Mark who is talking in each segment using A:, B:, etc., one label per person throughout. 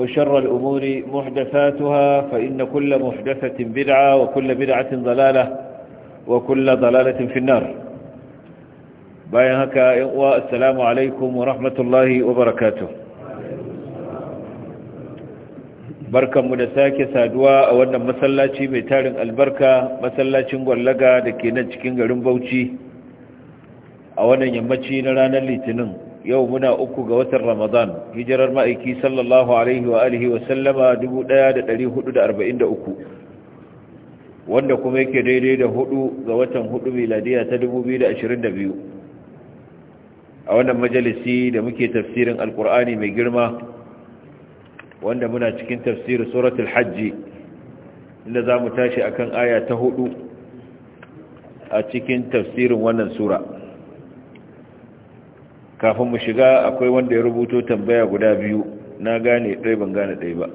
A: وشر الأمور محدثاتها فإن كل محدثة بدعة وكل بدعة ضلالة وكل ضلالة في النار بايهك والسلام عليكم ورحمة الله وبركاته barkan mu da sake saduwa a wannan masallaci mai tarin albarka masallacin gwallaga da ke nan cikin garin bauchi a wannan yammaci na ranar litinin yau muna uku ga watan ramadan hijirar ma'aiki sallallahu alaihi wa alihi wa sallama 1443 wanda kuma yake daidai da hudu ga watan hudu miladiya ta 2022 a wannan majalisi da muke tafsirin alkur'ani mai girma wanda muna cikin tafsirin suratul hajji inda za mu tashi akan aya ta hudu a cikin tafsirin wannan sura kafin mu shiga akwai wanda ya rubuto tambaya guda biyu na gane ɗaya ban gane ɗai ba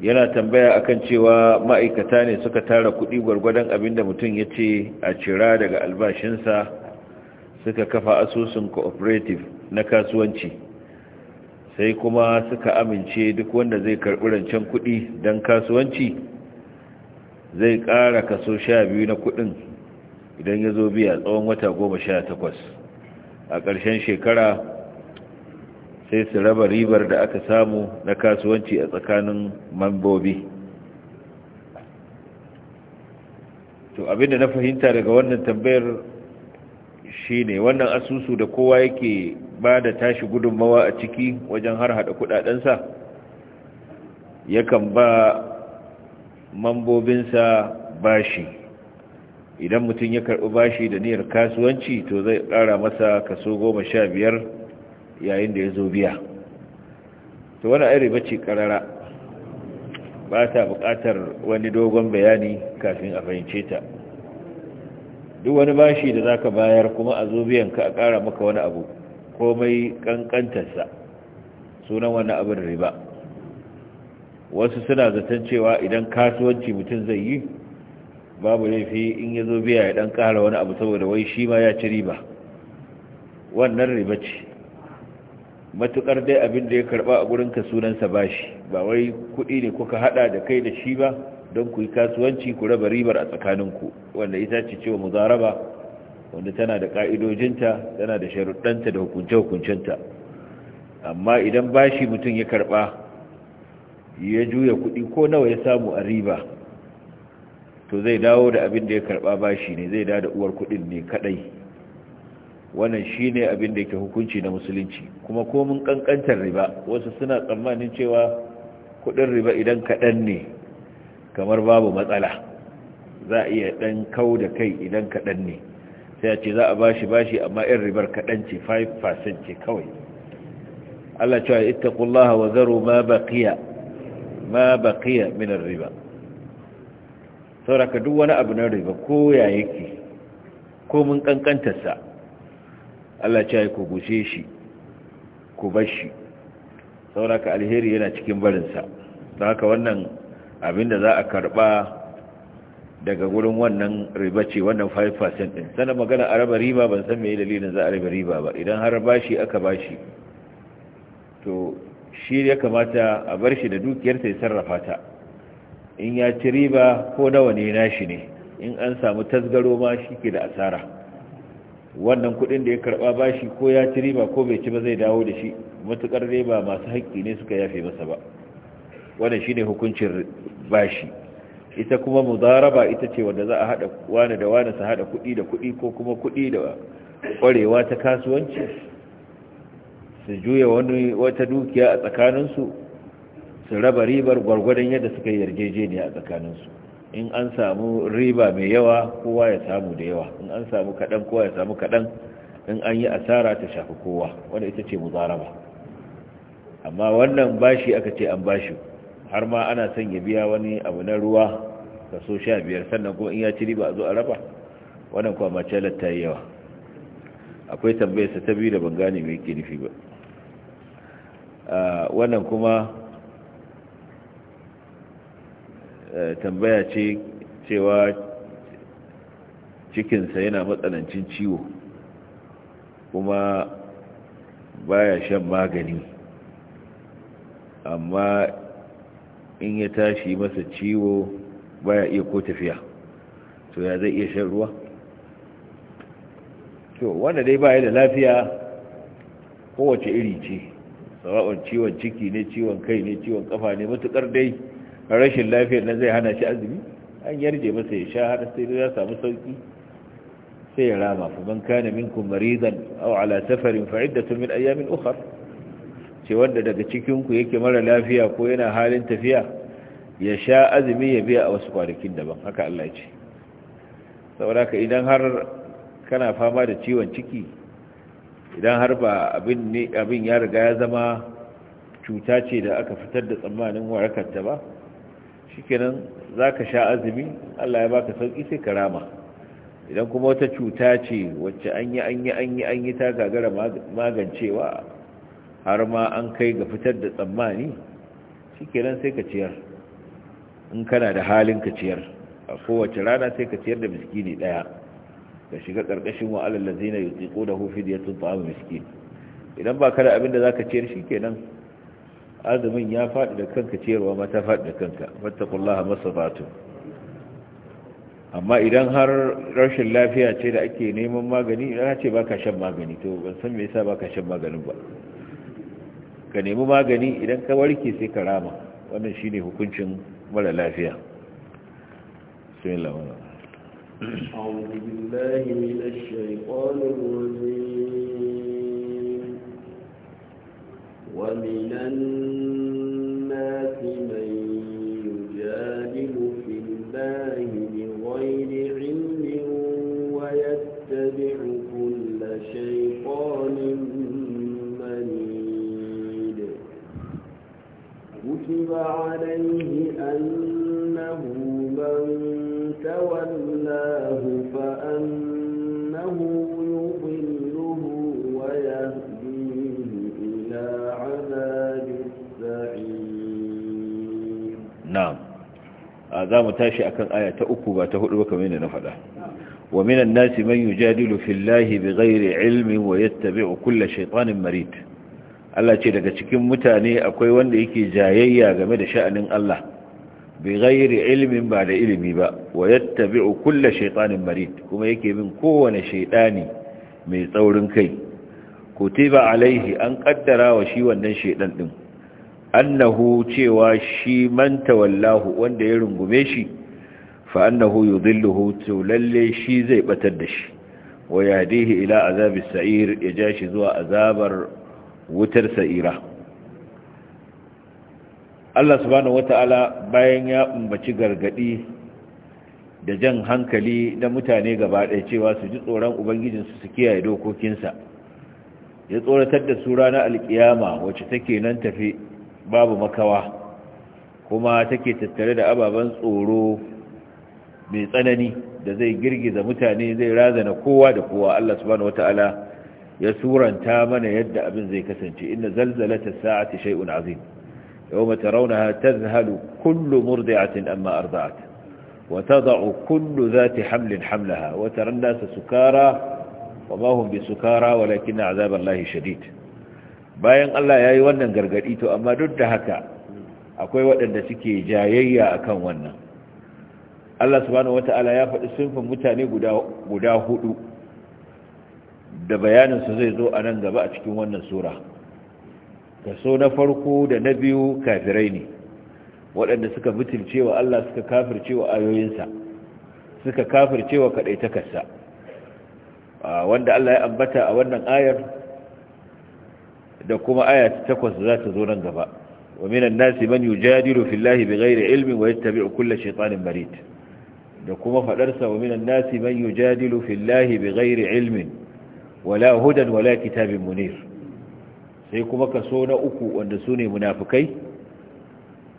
A: yana tambaya akan cewa ma'aikata ne suka tara kuɗi gwargwadon abin da mutum ya ce a cira daga albashinsa suka kafa asusun cooperative na kasuwanci sai kuma suka amince duk wanda zai karɓi rancen kuɗi don kasuwanci zai ƙara kaso sha biyu na kuɗin idan ya zo biya tsawon wata goma sha takwas a ƙarshen shekara sai su raba ribar da aka samu na kasuwanci a tsakanin mambobi to abinda na fahimta daga wannan tambayar shine wannan asusu da kowa yake ba da tashi gudunmawa a ciki wajen har hada kudadensa yakan ba mambobinsa bashi idan mutum ya karɓi bashi da niyyar kasuwanci to zai ƙara masa kaso goma sha biyar yayin da ya zo biya to wani ai ba ce ƙarara ba ta buƙatar wani dogon bayani kafin a fahimce ta duk wani bashi da za ka bayar kuma a zo biyan ka a ƙara maka wani abu komai ƙanƙantarsa sunan wani abin riba wasu suna zaton cewa idan kasuwanci mutum zai yi babu laifi in ya zo biya ya dan kara wani abu saboda wai shi ma ya ci riba wannan riba ce matukar dai abin da ya karɓa a gurinka sunansa bashi ba wai kuɗi ne kuka haɗa da kai da shi ba don ku yi kasuwanci ku raba ribar a tsakaninku wanda ita ce cewa muzaraba wanda tana da ka'idojinta tana da sharuɗanta da hukunce-hukuncenta amma idan bashi mutum ya karba ya juya kuɗi ko nawa ya samu a riba to zai dawo da abin da ya karba bashi ne zai dawo da uwar kudin ne kadai wannan shine abin da yake hukunci na musulunci kuma komin kankantar riba wasu suna tsammanin cewa kuɗin riba idan kaɗan ne kamar babu matsala za a iya ɗan kau da kai idan kaɗan ne sai a ce za a bashi bashi amma yan ribar kaɗan ce 5% ce kawai Allah cewa ittaqullaha wa zaru ma baqiya ma baqiya min riba sauraka duk wani abu na riba ko ya yake ko mun kankantarsa Allah ce ku gushe shi ku bar shi sauraka alheri yana cikin barinsa don haka wannan abin da za a karba daga gurin wannan riba ce wannan 5% din sannan magana a raba riba ban san meye dalilin za a raba riba ba idan har bashi aka bashi to shi ya kamata a bar shi da dukiyar ya sarrafa ta in ya ci riba ko nawa ne nashi ne in an samu tasgaro ma shi ke da asara wannan kudin da ya karba bashi ko ya ci riba ko bai ci ba zai dawo da shi matukar riba masu haƙƙi ne suka yafe masa ba wannan shine hukuncin bashi ita kuma mudaraba ita ce wanda za a haɗa wani da wani su haɗa kudi da kudi ko kuma kudi da kwarewa ta kasuwanci su juya wani wata dukiya a tsakaninsu su raba ribar gwargwadon yadda suka yi yarjejeniya a tsakaninsu in an samu riba mai yawa kowa ya samu da yawa in an samu kaɗan kowa ya samu kaɗan in an yi asara ta shafi kowa wanda ita ce muzaraba amma wannan bashi aka ce an bashi har ma ana son ya biya wani abu na ruwa kaso sha biyar sannan kuma in ya ci riba a zo a raba wannan kuwa macalar ta yi yawa akwai tambayarsa ta biyu da ban gane mai ke nufi ba ah, wannan kuma tambaya ce cewa cikinsa yana matsanancin ciwo kuma baya shan magani amma in ya tashi masa ciwo baya iya ko tafiya to ya zai iya shan ruwa to wanda dai baya da lafiya kowace iri ce sababin ciwon ciki ne ciwon kai ne ciwon kafa ne matukar dai rashin lafiyar na zai hana shi azumi an yarje masa ya sha har sai ya samu sauki sai ya rama fa man kana minkum maridan aw ala safarin fa iddatu min ayamin ukhra ce wanda daga cikin ku yake mara lafiya ko yana halin tafiya ya sha azumi ya biya a wasu kwanakin daban haka Allah ya ce saboda ka idan har kana fama da ciwon ciki idan har ba abin ya riga ya zama cuta ce da aka fitar da tsammanin warakar ta ba shikenan za ka sha azumi Allah ya baka sauki sai karama idan kuma wata cuta ce wacce an yi an yi an yi an yi ta gagara magancewa har ma an kai ga fitar da tsammani shikenan sai ka ciyar in kana da halin ka ciyar a kowace rana sai ka ciyar da miskini daya ka shiga karkashin wa alal ladzina yutiqu da hu fidyatun ta'am miskin idan ba ka da abin da zaka ciyar shikenan azumin ya faɗi da kanka cewa mata ta faɗi da kanka masa masafatu amma idan har rashin lafiya ce da ake neman magani idan ce baka shan magani to ban san me yasa baka shan maganin ba ka nemi magani idan ka warke sai ka rama wannan shine hukuncin mara lafiya بسم الله
B: أعوذ بالله من الشيطان الرجيم ومن الناس من
A: za mu tashi akan aya ta uku ba ta hudu ba kamar yadda na faɗa wa minan nasi man yujadilu fillahi bighairi ilmin wa yattabi'u kulla shaytanin marid Allah ce daga cikin mutane akwai wanda yake jayayya game da sha'anin Allah bighairi ilmin ba da ilimi ba wa yattabi'u kulla shaytanin marid kuma yake bin kowane ne mai tsaurin kai kutiba alaihi an kaddara wa shi wannan shaiɗan din annahu cewa shi man tawallahu wanda ya rungume shi fa annahu yudilluhu to lalle shi zai batar da shi wa yadihi ila azabis sa'ir ya ja shi zuwa azabar wutar sa'ira Allah subhanahu wata'ala bayan ya umbaci gargadi da jan hankali na mutane gaba ɗaya cewa su ji tsoron ubangijinsu su kiyaye dokokinsa ya tsoratar da su ranar alkiyama wacce take nan tafi babu makawa kuma take tattare da ababen tsoro mai tsanani da zai girgiza mutane zai razana kowa da kowa Allah subhanahu wata'ala ya suranta mana yadda abin zai kasance inna zalzalata sa'ati shay'un azim yawma tarawnaha tazhalu kullu murdi'atin amma arda'at wa tad'u kullu dhati hamlin hamlaha wa tara sukara wa ma hum bisukara walakin 'adhaballahi shadid bayan Allah ya yi wannan gargaɗi to amma duk da haka akwai waɗanda suke jayayya a kan wannan Allah subhanahu wata'ala ya faɗi sunfin mutane guda hudu da bayaninsu zai zo a nan gaba a cikin wannan sura kaso na farko da na biyu kafirai ne waɗanda suka mutunce wa Allah suka kafirce wa ayoyinsa suka kafirce wa kaɗaitakarsa wanda Allah ya ambata a wannan ayar da kuma aya ta 8 za ta zo nan gaba wa minan nasi man yujadilu fillahi bighairi ilmin wa yattabi'u kulla shaytanin marid da kuma fadar sa wa minan nasi man yujadilu fillahi bighairi ilmin wala hudan wala kitabin munir sai kuma kaso na uku wanda sune munafikai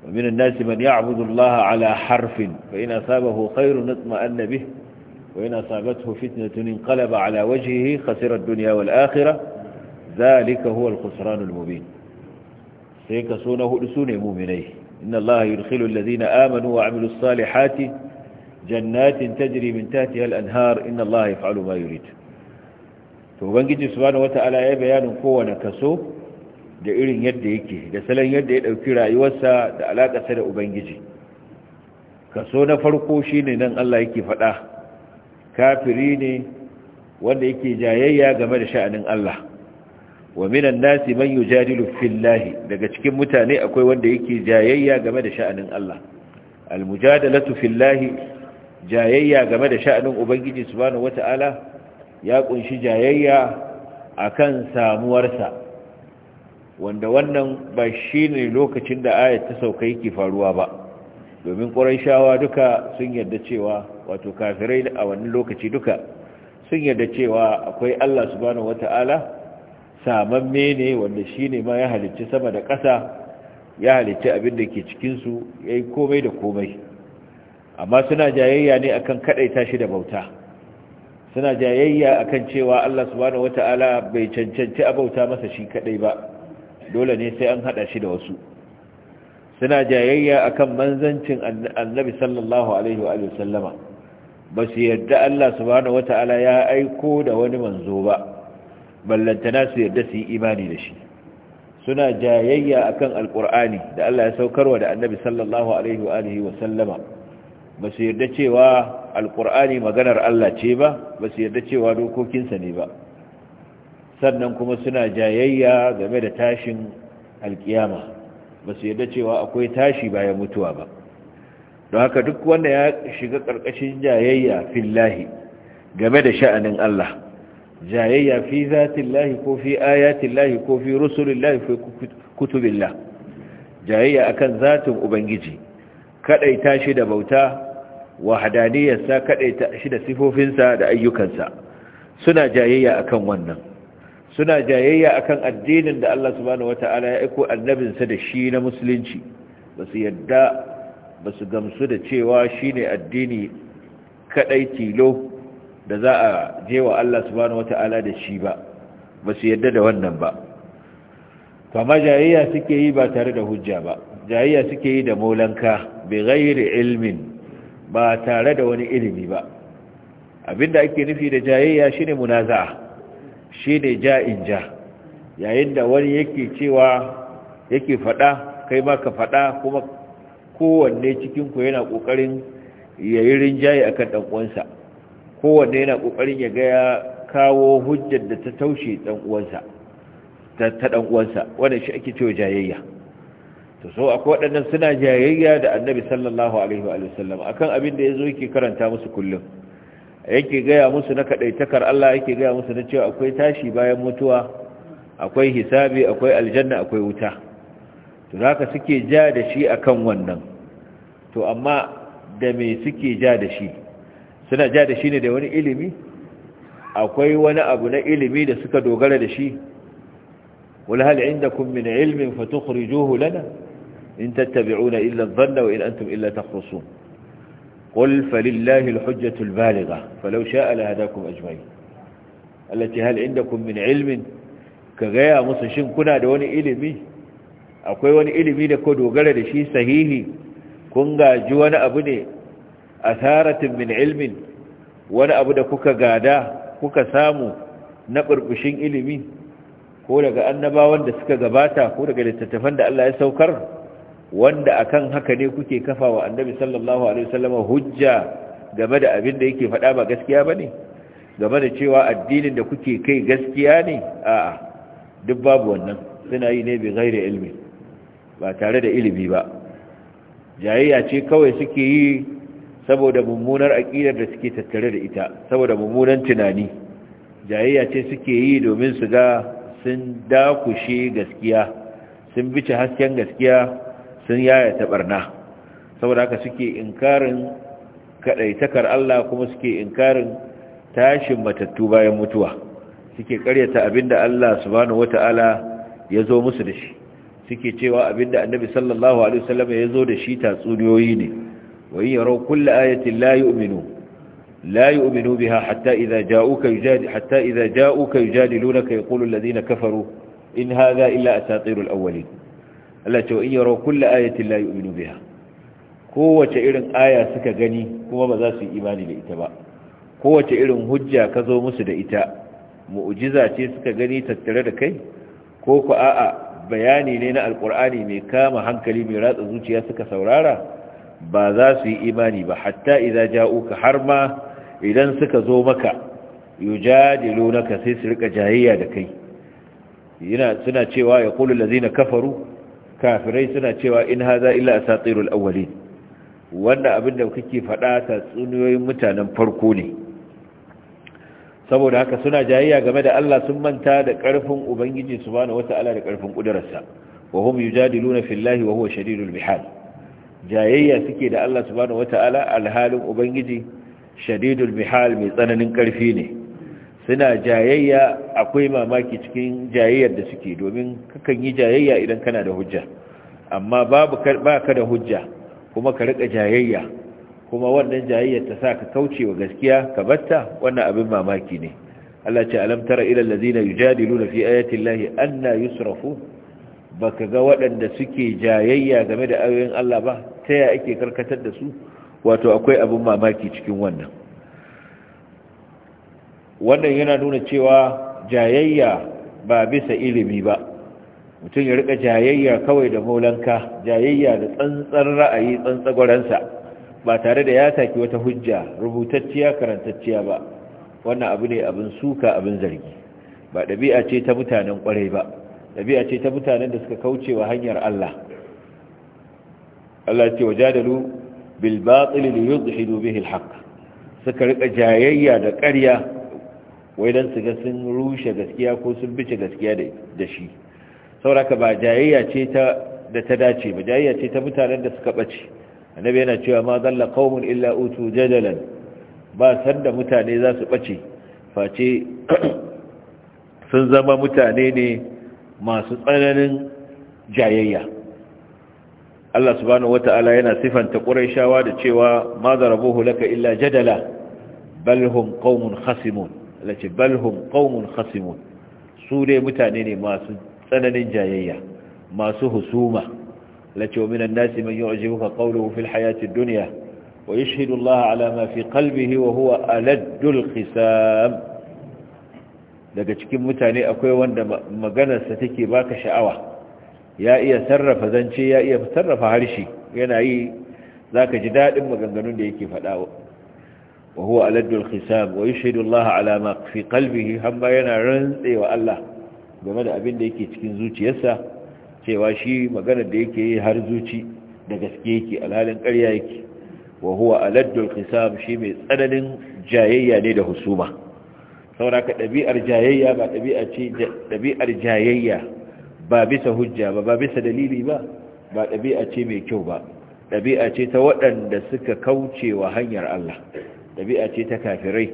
A: wa minan nasi man ya'budu Allah ala harfin fa in asabahu khairun itma'anna bihi وإن أصابته فتنة ala على وجهه خسر wal والآخرة zalika lika al-khusranul mubin sai kaso na hudu sune mu'minai inna allaha yudkhilu alladhina amanu wa amilus salihati jannatin tajri min tahtiha al-anhar inna allaha yaf'alu ma yurid to ubangiji subhanahu wata'ala ya bayanin kowane kaso da irin yadda yake da salon yadda ya dauki rayuwarsa da alakarsa da ubangiji kaso na farko shine nan Allah yake faɗa kafiri ne wanda yake jayayya game da sha'anin Allah wa minan nasi man yujadilu fillahi daga cikin mutane akwai wanda yake jayayya game da sha'anin Allah almujadalatu fillahi jayayya game da sha'anin ubangiji subhanahu wata'ala ya kunshi jayayya akan samuwarsa wanda wannan ba shine lokacin da ayat ta sauka yake faruwa ba domin quraishawa duka sun yarda cewa wato kafirai a wannan lokaci duka sun yarda cewa akwai Allah subhanahu wata'ala samamme ne wanda shi ne ma ya halicci sama da ƙasa ya halicci abin da ke cikinsu ya yi komai da komai amma suna jayayya ne akan kaɗaita shi da bauta suna jayayya akan cewa Allah subhanahu wata'ala bai cancanci a bauta masa shi kaɗai ba dole ne sai an haɗa shi da wasu suna jayayya akan manzancin annabi sallallahu alaihi wa sallama ba su yarda Allah subhanahu wata'ala ya aiko da wani manzo ba ballantana su yarda su yi imani da shi suna jayayya akan Alƙur'ani da Allah ya saukarwa da annabi sallallahu alaihi wa wa sallama ba su yarda cewa Alƙur'ani maganar Allah ce ba ba su yarda cewa dokokinsa ne ba sannan kuma suna jayayya game da tashin alkiyama ba su yarda cewa akwai tashi bayan mutuwa ba don haka duk wanda ya shiga ƙarƙashin jayayya fillahi game da sha'anin Allah jayayya fi zatillahi ko fi ayatillahi ko fi ko kutubillah jayayya akan zatin ubangiji kadaita shi da bauta wahdaniyarsa kadaita shi da sifofinsa da ayyukansa suna jayayya akan wannan suna jayayya akan addinin da Allah subhanahu wataala ya aiko annabinsa da shi na musulunci basu yadda basu gamsu da cewa shine addini kadai tilo da za a je wa Allah subhanahu wata'ala da shi ba ba su yadda da wannan ba to amma jayayya suke yi ba tare da hujja ba jayayya suke yi da molanka bi ghairi ilmin ba tare da wani ilimi ba abinda ake nufi da jayayya shine munaza'a shine ja'in ja yayin da wani yake cewa yake fada kai ma ka fada kuma kowanne cikin ku yana kokarin yayin rinjaye akan dan uwansa kowanne yana ƙoƙarin ya ga ya kawo hujjar da ta taushe ɗan uwansa ta ɗan uwansa wannan shi ake cewa jayayya to so akwai waɗannan suna jayayya da annabi sallallahu alaihi wa sallam akan abin da ya zo yake karanta musu kullum yake gaya musu na kaɗaitakar Allah yake gaya musu na cewa akwai tashi bayan mutuwa akwai hisabi akwai aljanna akwai wuta to haka suke ja da shi akan wannan to amma da me suke ja da shi suna ja da shi ne da wani ilimi akwai wani abu na ilimi da suka dogara da shi wala hal indakum min ilmin fatukhrijuhu lana in tattabi'una illa adh-dhanna wa in antum illa takhrusun qul falillahi al-hujjatu al-baligha falau sha'a lahadakum ajma'in allati hal indakum min ilmin ka gaya musu shin kuna da wani ilimi akwai wani ilimi da ko dogara da shi sahihi kun gaji wani abu ne asaratin min ilmin wani abu da kuka gada kuka samu na burbushin ilimi ko daga annabawan da suka gabata ko daga littattafan da Allah ya saukar wanda akan haka ne kuke kafa wa annabi sallallahu alaihi wasallam hujja game da abin da yake faɗa ba gaskiya bane game da cewa addinin da kuke kai gaskiya ne a'a duk babu wannan suna yi ne bi ghairi ilmi ba tare da ilimi ba jayayya ce kawai suke yi saboda mummunar aƙidar da suke tattare da ita saboda mummunan tunani jayayya ce suke yi domin su ga sun dakushe gaskiya sun bice hasken gaskiya sun yaya taɓarna saboda haka suke inkarin kaɗaitakar Allah kuma suke inkarin tashin matattu bayan mutuwa suke ƙaryata abinda Allah subhanahu wata'ala ya zo musu da shi suke cewa abinda annabi sallallahu alaihi wasallam ya zo da shi tatsuniyoyi ne وإن يروا كل آية لا يؤمنوا لا يؤمنوا بها حتى إذا جاءوك يجادل حتى إذا جاءوك يجادلونك يقول الذين كفروا إن هذا إلا أساطير الأولين التي وإن يروا كل آية لا يؤمنوا بها قوة إرن آية سك غني كما بذاس إيمان لإتباء قوة إرن هجة كذو مسد إتاء مؤجزة سك غني تتردكي كوكو آآ bayani ne na alkur'ani mai kama hankali mai ratsa zuciya suka saurara ba za su yi imani ba hatta idza ja'uka har ma idan suka zo maka yujadilunaka sai su rika jayayya da kai yana suna cewa yaqulu allazina kafaru kafirai suna cewa in haza illa asatirul awwalin wanda abin da kake faɗa ta tsuniyoyin mutanen farko ne saboda haka suna jayayya game da Allah sun manta da ƙarfin ubangiji subhanahu wata'ala da ƙarfin ƙudurarsa wa hum yujadiluna fillahi wa huwa shadidul mihal jayayya suke da Allah subhanahu wata'ala alhalin ubangiji shadidul mihal mai tsananin karfi ne suna jayayya akwai mamaki cikin jayayyar da suke domin kakan yi jayayya idan kana da hujja amma babu baka da hujja kuma ka rika jayayya kuma wannan jayayyar ta sa ka kauce wa gaskiya ka batta wannan abin mamaki ne Allah ce alam tara ila allazina yujadiluna fi ayati llahi anna yusrafu Ba ka ga waɗanda suke jayayya game da ayoyin Allah ba ta ya ake karkatar da su wato akwai abin mamaki cikin wannan wannan yana nuna cewa jayayya ba bisa ilimi ba mutum ya rika jayayya kawai da maulanka jayayya da tsantsar ra'ayi tsantsagwaransa ba tare da ya saki wata hujja rubutacciya karantacciya ba wannan abu ne abin suka abin zargi ba ɗabi'a ce ta mutanen ƙwarai ba ɗabi'a ce ta mutanen da suka kauce wa hanyar Allah Allah ce wajadalu bil batil li yudhidu bihi al haqq suka rika jayayya da ƙarya wai dan su ga sun rushe gaskiya ko sun bice gaskiya da shi sauraka ba jayayya ce ta da ta dace ba jayayya ce ta mutanen da suka bace annabi yana cewa ma dalla qaumun illa utu jadalan ba da mutane za su bace face sun zama mutane ne masu tsananin jayayya Allah subhanahu wata'ala yana sifanta Qurayshawa da cewa ma zarabuhu laka illa jadala bal hum qaumun khasimun bal qaumun khasimun su dai mutane ne masu tsananin jayayya masu husuma lati wa minan nasi man yu'jibuka qawluhu fil hayati ad-dunya wa yashhadu Allah ala ma fi qalbihi wa huwa aladul khisam daga cikin mutane akwai wanda maganarsa take baka sha'awa ya iya sarrafa zance ya iya sarrafa harshe yana yi ka ji daɗin maganganun da yake faɗa wa huwa aladdul khisab wa Allah ala ma fi qalbihi hamma yana rantsewa Allah game da abin da yake cikin zuciyarsa cewa shi maganar da yake yi har zuci da gaske yake alhalin ƙarya yake wa huwa aladdul khisab shi mai tsananin jayayya ne da husuma sauraka ɗabi'ar jayayya ba ɗabi'a ce ɗabi'ar jayayya ba bisa hujja ba ba bisa dalili ba ba ɗabi'a ce mai kyau ba ɗabi'a ce ta waɗanda suka kauce wa hanyar Allah ɗabi'a ce ta kafirai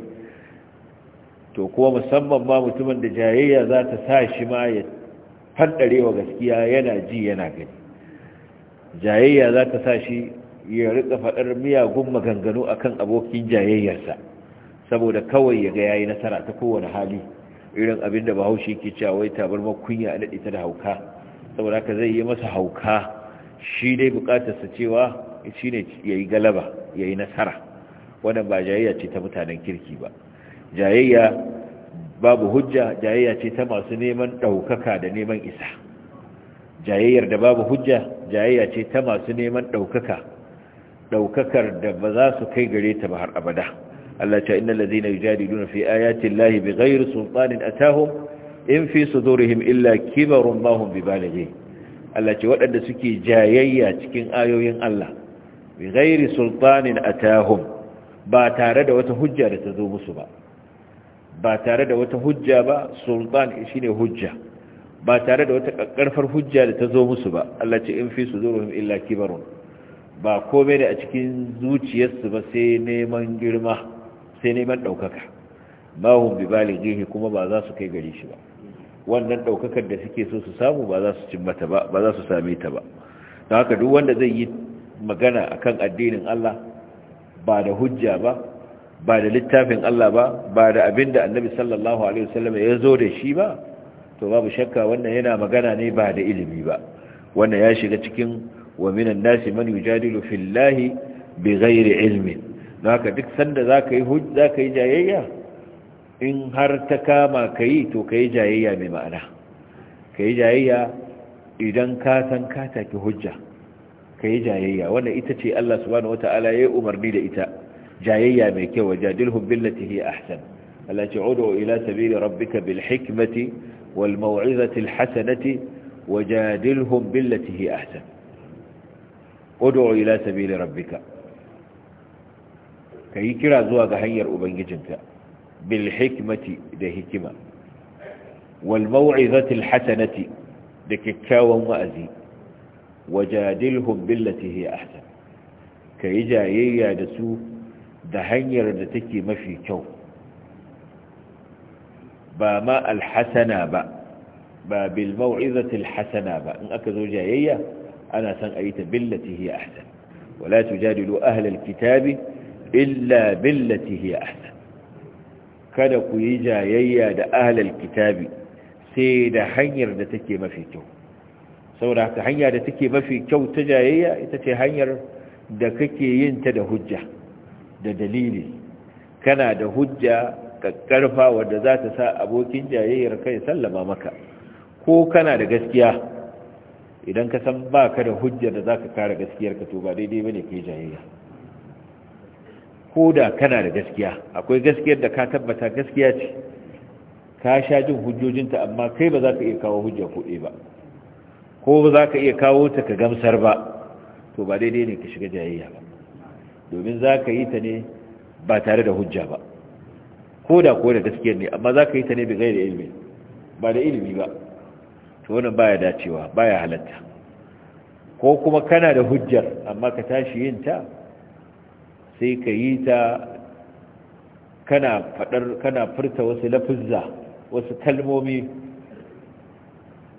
A: to kuma musamman ma mutumin da jayayya za ta sa shi ma ya faddare gaskiya yana ji yana gani jayayya za ta sa shi ya riƙa faɗar miyagun maganganu akan abokin jayayyarsa saboda kawai ya ga yayi nasara ta kowane hali irin abin da bahaushe ke cewa wai tabarmar kunya a daɗe ta da hauka saboda haka zai yi masa hauka shi dai sa cewa shi ne ya galaba yayi nasara wannan ba jayayya ce ta mutanen kirki ba jayayya babu hujja jayayya ce ta masu neman ɗaukaka da neman isa jayayyar da babu hujja jayayya ce ta masu neman ɗaukaka ɗaukakar da ba za su kai gare ta ba har abada Allah ta innal ladina yujadiluna fi ayati llahi bighayri sultanin atahum in fi sudurihim illa kibarun ma hum bibalighi Allah ce waɗanda suke jayayya cikin ayoyin Allah bi bighayri sultanin atahum ba tare da wata hujja da ta zo musu ba ba tare da wata hujja ba sultan shine hujja ba tare da wata karfar hujja da ta zo musu ba Allah ce in fi sudurihim illa kibarun ba komai da a cikin zuciyarsu ba sai neman girma sai neman ɗaukaka ma hum bi balighihi kuma ba za su kai gari shi ba wannan ɗaukakar da suke so su samu ba za su cimmata ba ba za su same ta ba don haka duk wanda zai yi magana a kan addinin Allah ba da hujja ba ba da littafin Allah ba ba da abin da annabi sallallahu alaihi wasallam ya zo da shi ba to babu shakka wannan yana magana ne ba da ilimi ba wannan ya shiga cikin wa minan nasi man yujadilu fillahi bighairi ilmin zaka duk sanda zaka yi hujja zaka yi jayayya in har ta kama ka yi to ka yi jayayya mai ma'ana ka yi jayayya idan ka san ka taki hujja ka yi jayayya wanda ita ce Allah subhanahu wata'ala ya umarni da ita jayayya mai kyau wa jadilhum billati hi ahsan udu ila sabili rabbika bil hikmati wal maw'izati al hasanati wa billati hi ahsan udu ila sabili rabbika ka yi kira zuwa ga hanyar ubangijinka bil hikmati da hikima wal maw'izati al hasanati da kyakkyawan wa'azi wajadilhum billati hi ahsan ka yi jayayya da su da hanyar da take mafi kyau ba ma alhasana ba ba bil maw'izati alhasana ba in aka zo jayayya ana san ayi ta billati hi ahsan wala tujadilu ahli kitabi illa billati hiya ahsan kada ku yi jayayya da ahlul kitabi sai da hanyar da take mafi kyau saboda haka hanya da take mafi kyau ta jayayya ita ce hanyar da kake yin ta da hujja da dalili kana da hujja kakkarfa wadda za ta sa abokin jayayyar kai sallama maka ko kana da gaskiya idan ka san ba ka da hujjar da za ka kare gaskiyarka to ba daidai ba ne ka yi jayayya ko da kana da gaskiya akwai gaskiyar da ka tabbata gaskiya ce ka sha jin hujjojinta amma kai ba za ka iya kawo hujja kuɗe ba ko ba za ka iya kawo ta ka gamsar ba to ba daidai ne ka shiga jayayya ba domin za ka yi ta ne ba tare da hujja ba ko da ko da gaskiyar ne amma za ka yi ta ne bigai da ilimi ba da ilimi ba to wannan baya dacewa baya halatta ko kuma kana da hujjar amma ka tashi yin ta sai ka yi ta kana furta wasu lafizza wasu kalmomi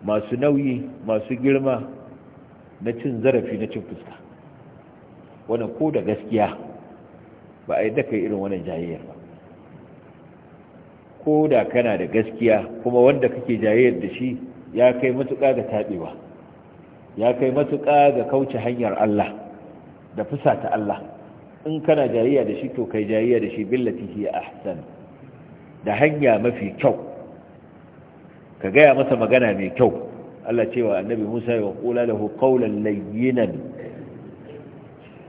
A: masu nauyi masu girma na cin zarafi na cin fuska Wani ko da gaskiya ba a yi daga irin wani jayayyar ba ko da kana da gaskiya kuma wanda kake jayayyar da shi ya kai matuƙa ga taɓewa ya kai matuƙa ga kauce hanyar Allah da ta Allah in kana jayayya da shi to kai jayayya da shi billati hiya ahsan da hanya mafi kyau ka gaya masa magana mai kyau Allah cewa annabi Musa ya kula lahu qawlan layyinan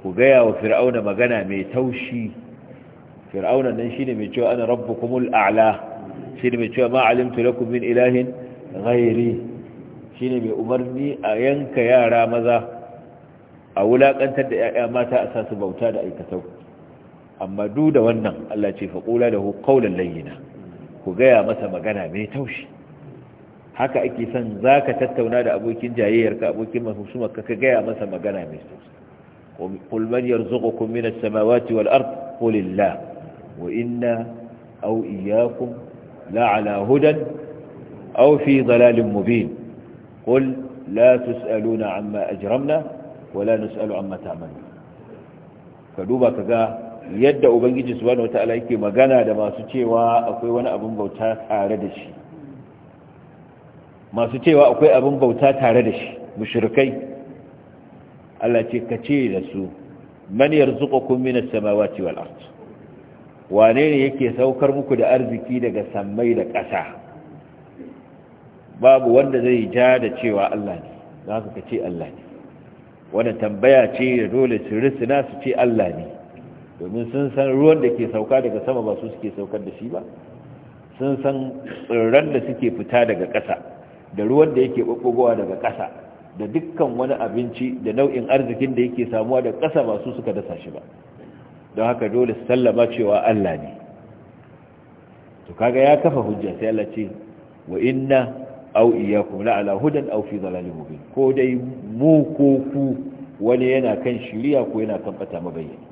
A: ku gaya wa fir'auna magana mai taushi fir'auna nan shine mai cewa ana rabbukumul a'la shine mai cewa ma alimtu lakum min ilahin ghairi shine mai umarni a yanka yara maza a wulaƙantar da 'ya'ya mata a sasu bauta da aikatau amma duk da wannan Allah ce faƙula da qawlan layyina ku gaya masa magana mai taushi haka ake son zaka tattauna da abokin jayayyarka abokin mahsumarka ka gaya masa magana mai taushi qul man yarzuqukum samawati wal ard qulillah wa ina au iyyakum la'ala hudan aw fi dhalalin mubin qul la tusaluna amma ajramna wala nus'alu amma ta'malu ka duba ka ga yadda ubangiji subhanahu wataala yake magana da masu cewa akwai wani abin bauta tare da shi masu cewa akwai abin bauta tare da shi mushrikai Allah ce ka ce da su man yarzuqukum minas samawati wal ard wane ne yake saukar muku da arziki daga samai da ƙasa babu wanda zai ja da cewa Allah ne za ka ce Allah ne Wani tambaya ce da dole su risina su ce Allah ne domin sun san ruwan da ke sauka daga sama ba su suke saukar da shi ba sun san tsirran da suke fita daga ƙasa da ruwan da yake ɓaɓɓagowa daga ƙasa da dukkan wani abinci da nau'in arzikin da yake samuwa da ƙasa ba su suka dasa shi ba don haka dole su sallama cewa Allah ne to kaga ya kafa hujja sai Allah ce wa inna aw iyyakum la ala hudan aw fi dhalalin mubin ko dai mu ko ku wani yana kan shiriya ko yana kan fata mabayyana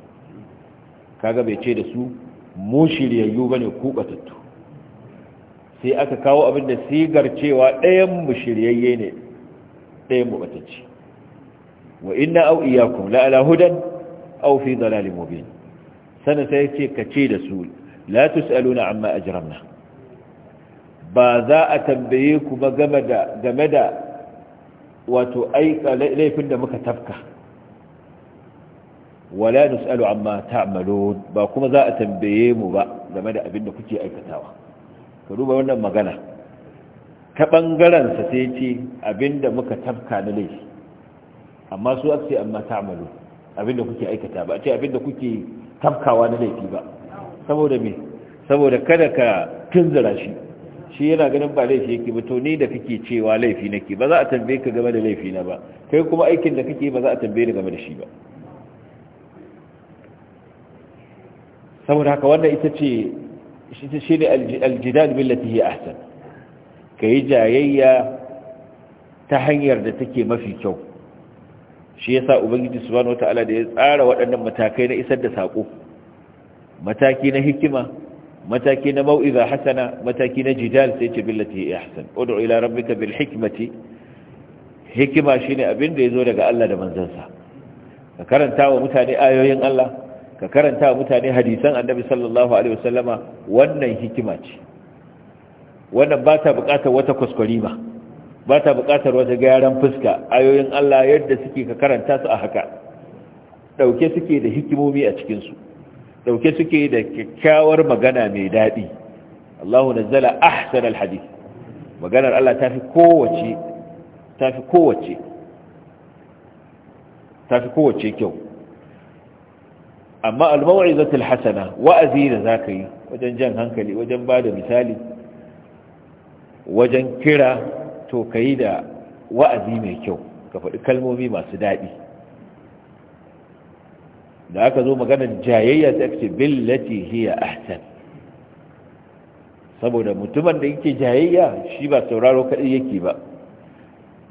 A: kaga bai ce da su mu shiriyayyu bane ku batattu sai aka kawo abin da sigar cewa ɗayan mu shiriyayye ne ɗayan mu batacci wa inna aw iyyakum la ala hudan aw fi dhalalin mubin sana sai ce ka ce da su la tusaluna amma ajramna ba za a tambaye ku ba game da wato aika laifin da muka tafka wala nus'alu amma ta'malun ba kuma za a tambaye mu ba game da abin da kuke aikatawa ka duba wannan magana ta bangaren sa sai ce abin da muka tafka na laifi amma su ake amma ta'malu abin da kuke aikata ba a ce abin da kuke tafkawa na laifi ba saboda me saboda kada ka tunzura shi shi yana ganin ba laifi yake ba to ni da kake cewa laifi nake ba za a tambaye ka game da laifi na ba kai kuma aikin da kake ba za a tambaye ni game da shi ba saboda haka wannan ita ce shi ne aljidal billati hi ahsan kai jayayya ta hanyar da take mafi kyau shi yasa ubangiji subhanahu wataala da ya tsara waɗannan matakai na isar da saƙo mataki na hikima mataki na mau'iza hasana mataki na jidal sai ce billati ya ud'u ila rabbika bil hikmati hikima shine abin da yazo daga Allah da manzansa ka karanta wa mutane ayoyin Allah ka karanta wa mutane hadisan annabi sallallahu alaihi wasallama wannan hikima ce wannan ba ta buƙatar wata kuskurima ba ta buƙatar wata gyaran fuska ayoyin Allah yadda suke ka karanta su a haka dauke suke da hikimomi a cikin su dauke suke da kyakkyawar magana mai daɗi. Allahu nazzala ahsan alhadith maganar Allah tafi kowace tafi kowace tafi kowace kyau amma al-maw'izatu wa'azi da zaka yi wajen jan hankali wajen bada misali wajen kira to kai da wa'azi mai kyau ka faɗi kalmomi masu daɗi da aka zo maganar jayayya sai aka ce billati hiya ahsan saboda mutumin da yake jayayya shi ba sauraro kadai yake ba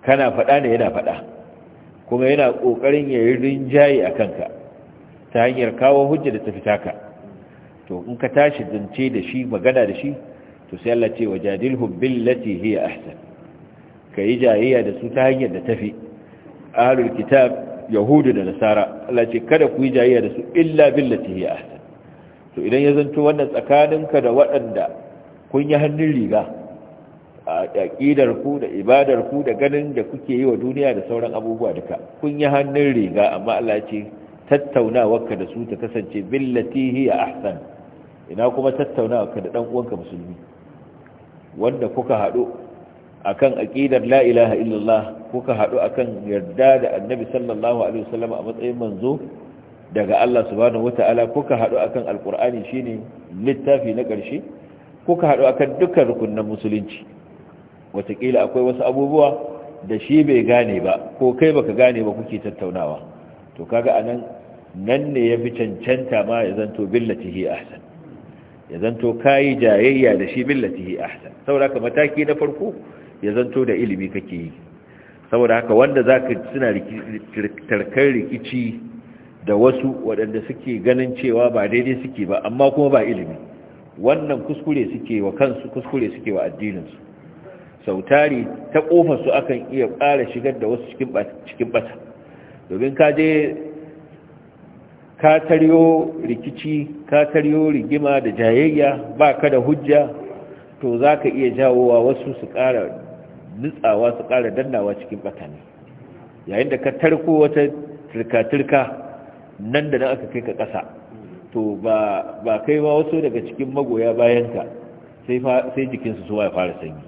A: kana faɗa ne yana faɗa kuma yana ƙoƙarin ya rinjaye a kanka ta hanyar kawo hujja da tafi taka to in ka tashi zance da shi magana da shi to sai Allah ce wajadilhum billati hiya ahsan kai jayayya da su ta hanyar da tafi ahlul kitab yahudu da nasara Allah ce kada ku yi jayayya da su illa billati hiya ahsan to idan ya zanto wannan tsakaninka da waɗanda kun yi hannun riga a aƙidar ku da ibadar ku da ganin da kuke yi wa duniya da sauran abubuwa duka kun yi hannun riga amma Allah ce tattaunawarka da su ta kasance billati hiya ahsan ina kuma tattaunawarka da dan uwanka musulmi wanda kuka haɗu akan aqidar la ilaha illallah kuka hadu akan yarda da annabi sallallahu alaihi wasallam a matsayin manzo daga Allah subhanahu wataala kuka hadu akan alqur'ani shine littafi na ƙarshe kuka hadu akan dukkan rukunin musulunci watakila akwai wasu abubuwa da shi bai gane ba ko kai baka gane ba kuke tattaunawa to kaga anan nan ne yafi cancanta ma ya zanto billatihi ahsan ya zanto kayi jayayya da shi billatihi ahsan saboda mataki na farko ya zanto da ilimi kake yi saboda haka wanda za ka suna tarkar rikici da wasu waɗanda suke ganin cewa ba daidai suke ba amma kuma ba ilimi wannan kuskure suke wa kansu kuskure suke wa addininsu sautari ta ƙofarsu akan iya ƙara shigar da wasu cikin ɓata domin ka je ka rikici ka rigima da jayayya ba ka da hujja to za ka iya jawowa wasu su ƙara nutsawa su ƙara dannawa cikin ɓatane yayin da ka tarko wata turka-turka nan da nan aka kai ka ƙasa to ba kai ba wasu daga cikin magoya bayanka sai jikinsu suwa ya fara sanyi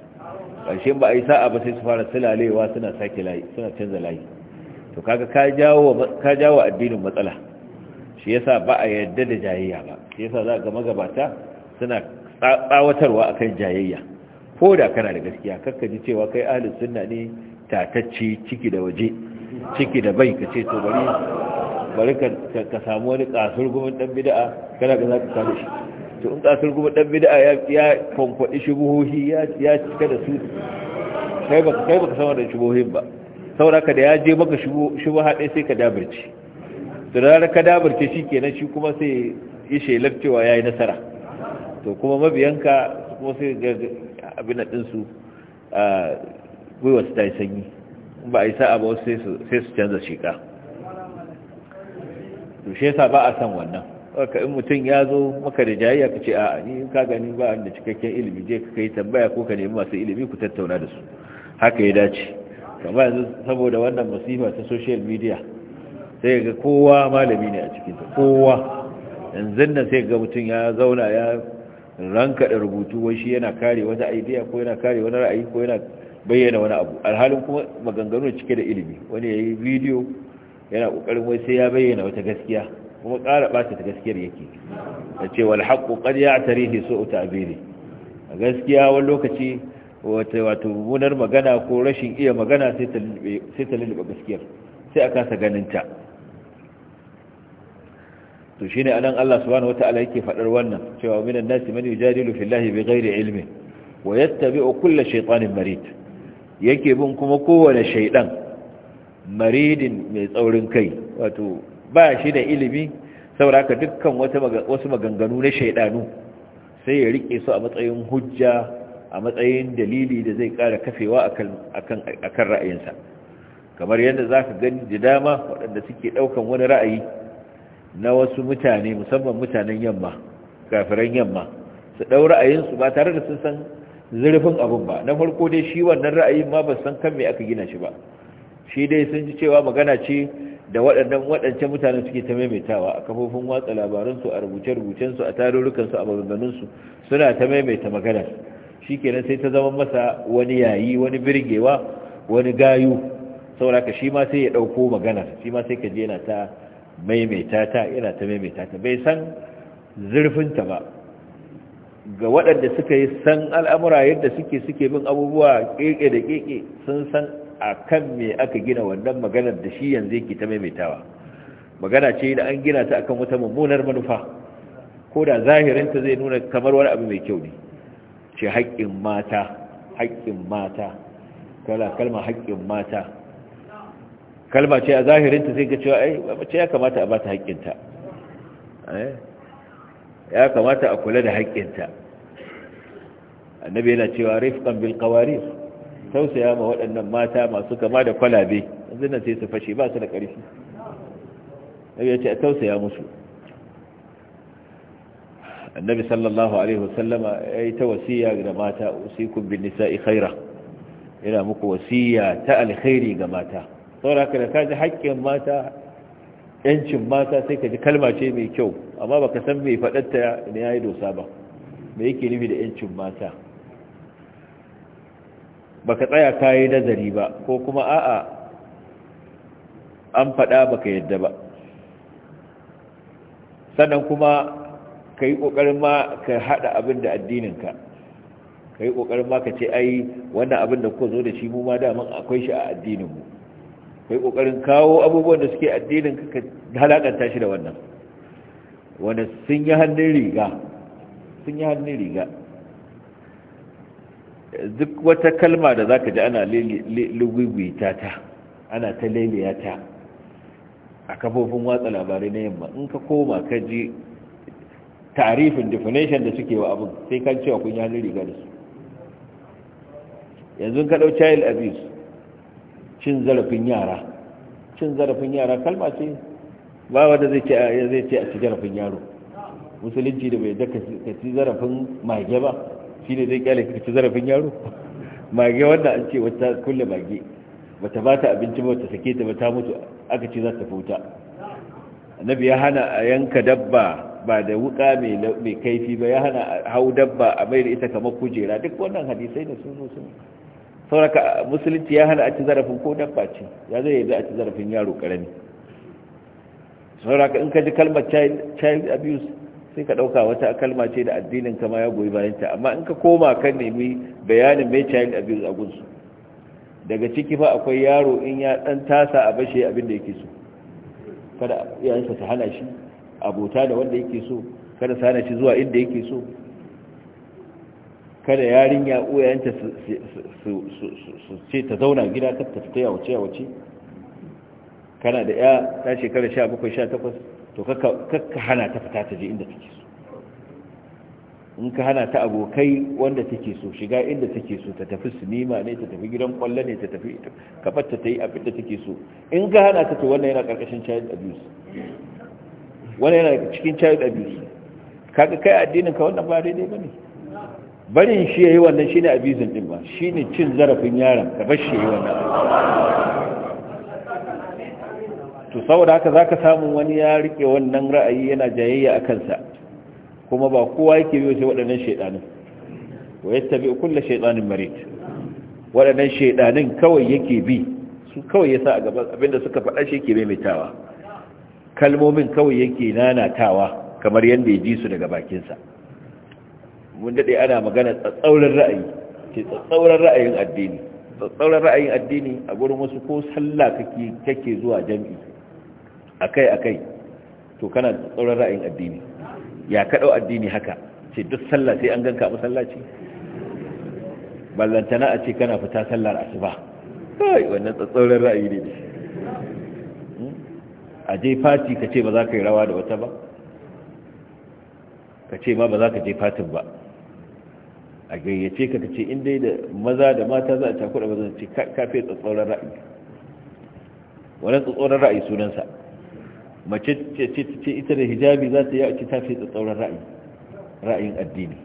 A: ƙarshen ba a yi sa'a ba sai su fara silalewa suna sake layi suna canza layi to kaga ka jawo addinin matsala shi yasa ba a yarda da jayayya ba shi yasa za ga magabata suna tsawatarwa akan jayayya ko da kana da gaskiya kakka ji cewa kai ahlus sunna ne tatacce ciki da waje ciki da bai ka ce to bari bari ka samu wani kasar gumin dan bid'a kana ga zaka samu shi to in kasar gumin dan bid'a ya ya konkwadi shubuhi ya ya cika da su kai ba kai baka samu da shubuhin ba sauraka da ya je maka shubuha dai sai ka dabirce to da ka dabirce shikenan shi kuma sai ishe shelar yayi nasara to kuma mabiyanka kuma sai ga abin da a gwiwa su dai yi sanyi ba a yi sa'a ba sai su canza shiƙa to shi sa ba a san wannan ka in mutum ya zo maka da jayayya ka ce a'a ni ka gani ba da cikakken ilimi je ka kai tambaya ko ka nemi masu ilimi ku tattauna da su haka ya dace kamar yanzu saboda wannan masifa ta social media sai ga kowa malami ne a cikinta kowa yanzu nan sai ga mutum ya zauna ya ranka da rubutu wai shi yana kare wata idea ko yana kare wani ra'ayi ko yana bayyana wani abu alhalin kuma maganganu cike da ilimi wani ya yi bidiyo yana kokarin wai sai ya bayyana wata gaskiya kuma kara bata ta gaskiyar yake da ce wal haqqu qad tarihi so ta abiri a gaskiya wani lokaci wato munar magana ko rashin iya magana sai ta lulluɓe gaskiyar sai a kasa ta. to shine anan Allah subhanahu wataala yake faɗar wannan cewa minan nasi man yujadilu fillahi bighairi ilmin wa yattabi'u kulla shaytanin marid yake bin kuma kowane shaydan maridin mai tsaurin kai wato ba shi da ilimi saboda dukkan wasu maganganu na shaidanu sai ya rike su a matsayin hujja a matsayin dalili da zai kara kafewa akan ra'ayinsa kamar yadda za ka gani da dama waɗanda suke daukan wani ra'ayi na wasu mutane musamman mutanen yamma kafiran yamma su ɗau ra'ayinsu ba tare da sun san zurfin abun ba na farko dai shi wannan ra'ayin ma ba san kan me aka gina shi ba shi dai sun ji cewa magana ce da waɗannan waɗancan mutanen suke ta maimaitawa a kafofin watsa labaransu a rubuce-rubucensu a tarurrukan su a maganganunsu suna ta maimaita magana shi kenan sai ta zama masa wani yayi wani birgewa wani gayu sauraka shi ma sai ya dauko magana shi ma sai ka je na ta maimaita ta ina ta maimaita ta bai san zurfinta ba ga waɗanda suka yi san al'amura yadda suke suke bin abubuwa ƙeƙe da ƙeƙe sun san a kan me aka gina wannan maganar da shi yanzu yake ta maimaitawa magana ce da an gina ta akan wata mummunar manufa ko da zahirinta zai nuna kamar wani abu mai kyau ne ce haƙƙin mata haƙƙin mata kala kalma haƙƙin mata kalma ce a zahirinta sai ka cewa ai mace ya kamata a bata haƙƙinta eh? ya kamata a kula da haƙƙinta annabi yana cewa rifqan bil qawarir tausaya ma waɗannan mata masu kama da kwalabe yanzu nan sai su fashe ba su da ƙarfi annabi ya ce a tausaya musu annabi sallallahu alaihi wasallama yayi ta wasiya ga mata usikum bin nisa'i khaira yana muku wasiya ta alkhairi ga mata saboda haka da ka ji haƙƙin mata yancin mata sai ka ji kalma ce mai kyau amma ba ka san mai faɗarta ne ya yi dosa ba me yake nufi da yancin mata Ba ka tsaya ka yi nazari ba ko kuma a'a an faɗa ba ka yadda ba sannan kuma ka yi ƙoƙarin ma ka haɗa abin da addininka ka yi ƙoƙarin ma ka ce ai wannan abin da kuka zo da shi mu ma daman akwai shi a addininmu kai kokarin kawo abubuwan da suke addinin ka halakanta shi da wannan wanda sun yi hannun riga sun yi hannun riga duk wata kalma da zaka ji ana lugugwita ta ana ta ta a kafofin watsa labarai na yamma in ka koma ka ji tarifin definition da suke wa abin sai kan cewa kun yi hannun riga da su yanzu ka ɗau child abuse cin zarafin yara cin zarafin yara kalma ce ba wanda zai ce zai ce a ci zarafin yaro musulunci da bai daka ka ci zarafin mage ba shi ne zai kyale ka ci zarafin yaro mage wanda an ce wata kulle mage bata bata abinci ba ta sake ta ba ta mutu aka ce za ta futa annabi ya hana a yanka dabba ba da wuka mai kaifi ba ya hana hau dabba a mai da ita kamar kujera duk wannan hadisai da sun zo sun sauraka musulunci ya hana a ci zarafin ko dabba ce ya zai yi a ci zarafin yaro karami sauraka in ka ji kalmar child abuse sai ka ɗauka wata kalma ce da addinin kama ya goyi bayanta amma in ka koma kan nemi bayanin mai child abuse a gunsu daga ciki fa akwai yaro in ya ɗan tasa a bashe abin da yake so kada iyayensa ta hana shi abota da wanda yake so kada sa hana shi zuwa inda yake so kada yarinya uwayenta su ce ta zauna gida ta fita yawace yawace kana da ya ta shekara 17 18 to kakka hana ta fita ta je inda take so in ka hana ta abokai wanda take so shiga inda take so ta tafi sinima ne ta tafi gidan kwallo ne ta tafi kafarta ta yi abin da take so in ka hana ta to wannan yana karkashin child abuse wannan yana cikin child abuse kaga kai addinin ka wannan ba daidai ba ne?
C: barin shi yi wannan
A: shine abizin din ba shine cin zarafin yaron ka bar shi yi wannan to saboda haka za ka samu wani ya rike wannan ra'ayi yana jayayya a kansa kuma ba kowa yake biyo sai waɗannan shaydanin wa yattabi kullu shaydanin marit waɗannan shaydanin kawai yake bi su kawai ya sa a gaban abinda suka faɗa shi ke maimaitawa kalmomin kawai yake nanatawa kamar yadda ya ji su daga bakinsa. mun dade ana magana tsatsauran ra'ayi ke tsatsauran ra'ayin addini tsatsauran ra'ayin addini a gurin wasu ko sallah kake kake zuwa jami'i akai akai to kana tsatsauran ra'ayin addini ya ka dau addini haka ce duk sallah sai an ganka a masallaci ballantana a ce kana fita sallar asuba kai wannan tsatsauran ra'ayi ne hmm? a je fati ka ce ba za ka yi rawa da wata ba ka ce ma ba za ka je fatin ba a gayyace ka ce in dai da maza da mata za a cakuɗa ba zan ce kafe tsatsauran ra'ayi wani tsatsauran ra'ayi sunansa mace ce ita da hijabi za ta yi a ci tafi tsatsauran ra'ayi ra'ayin addini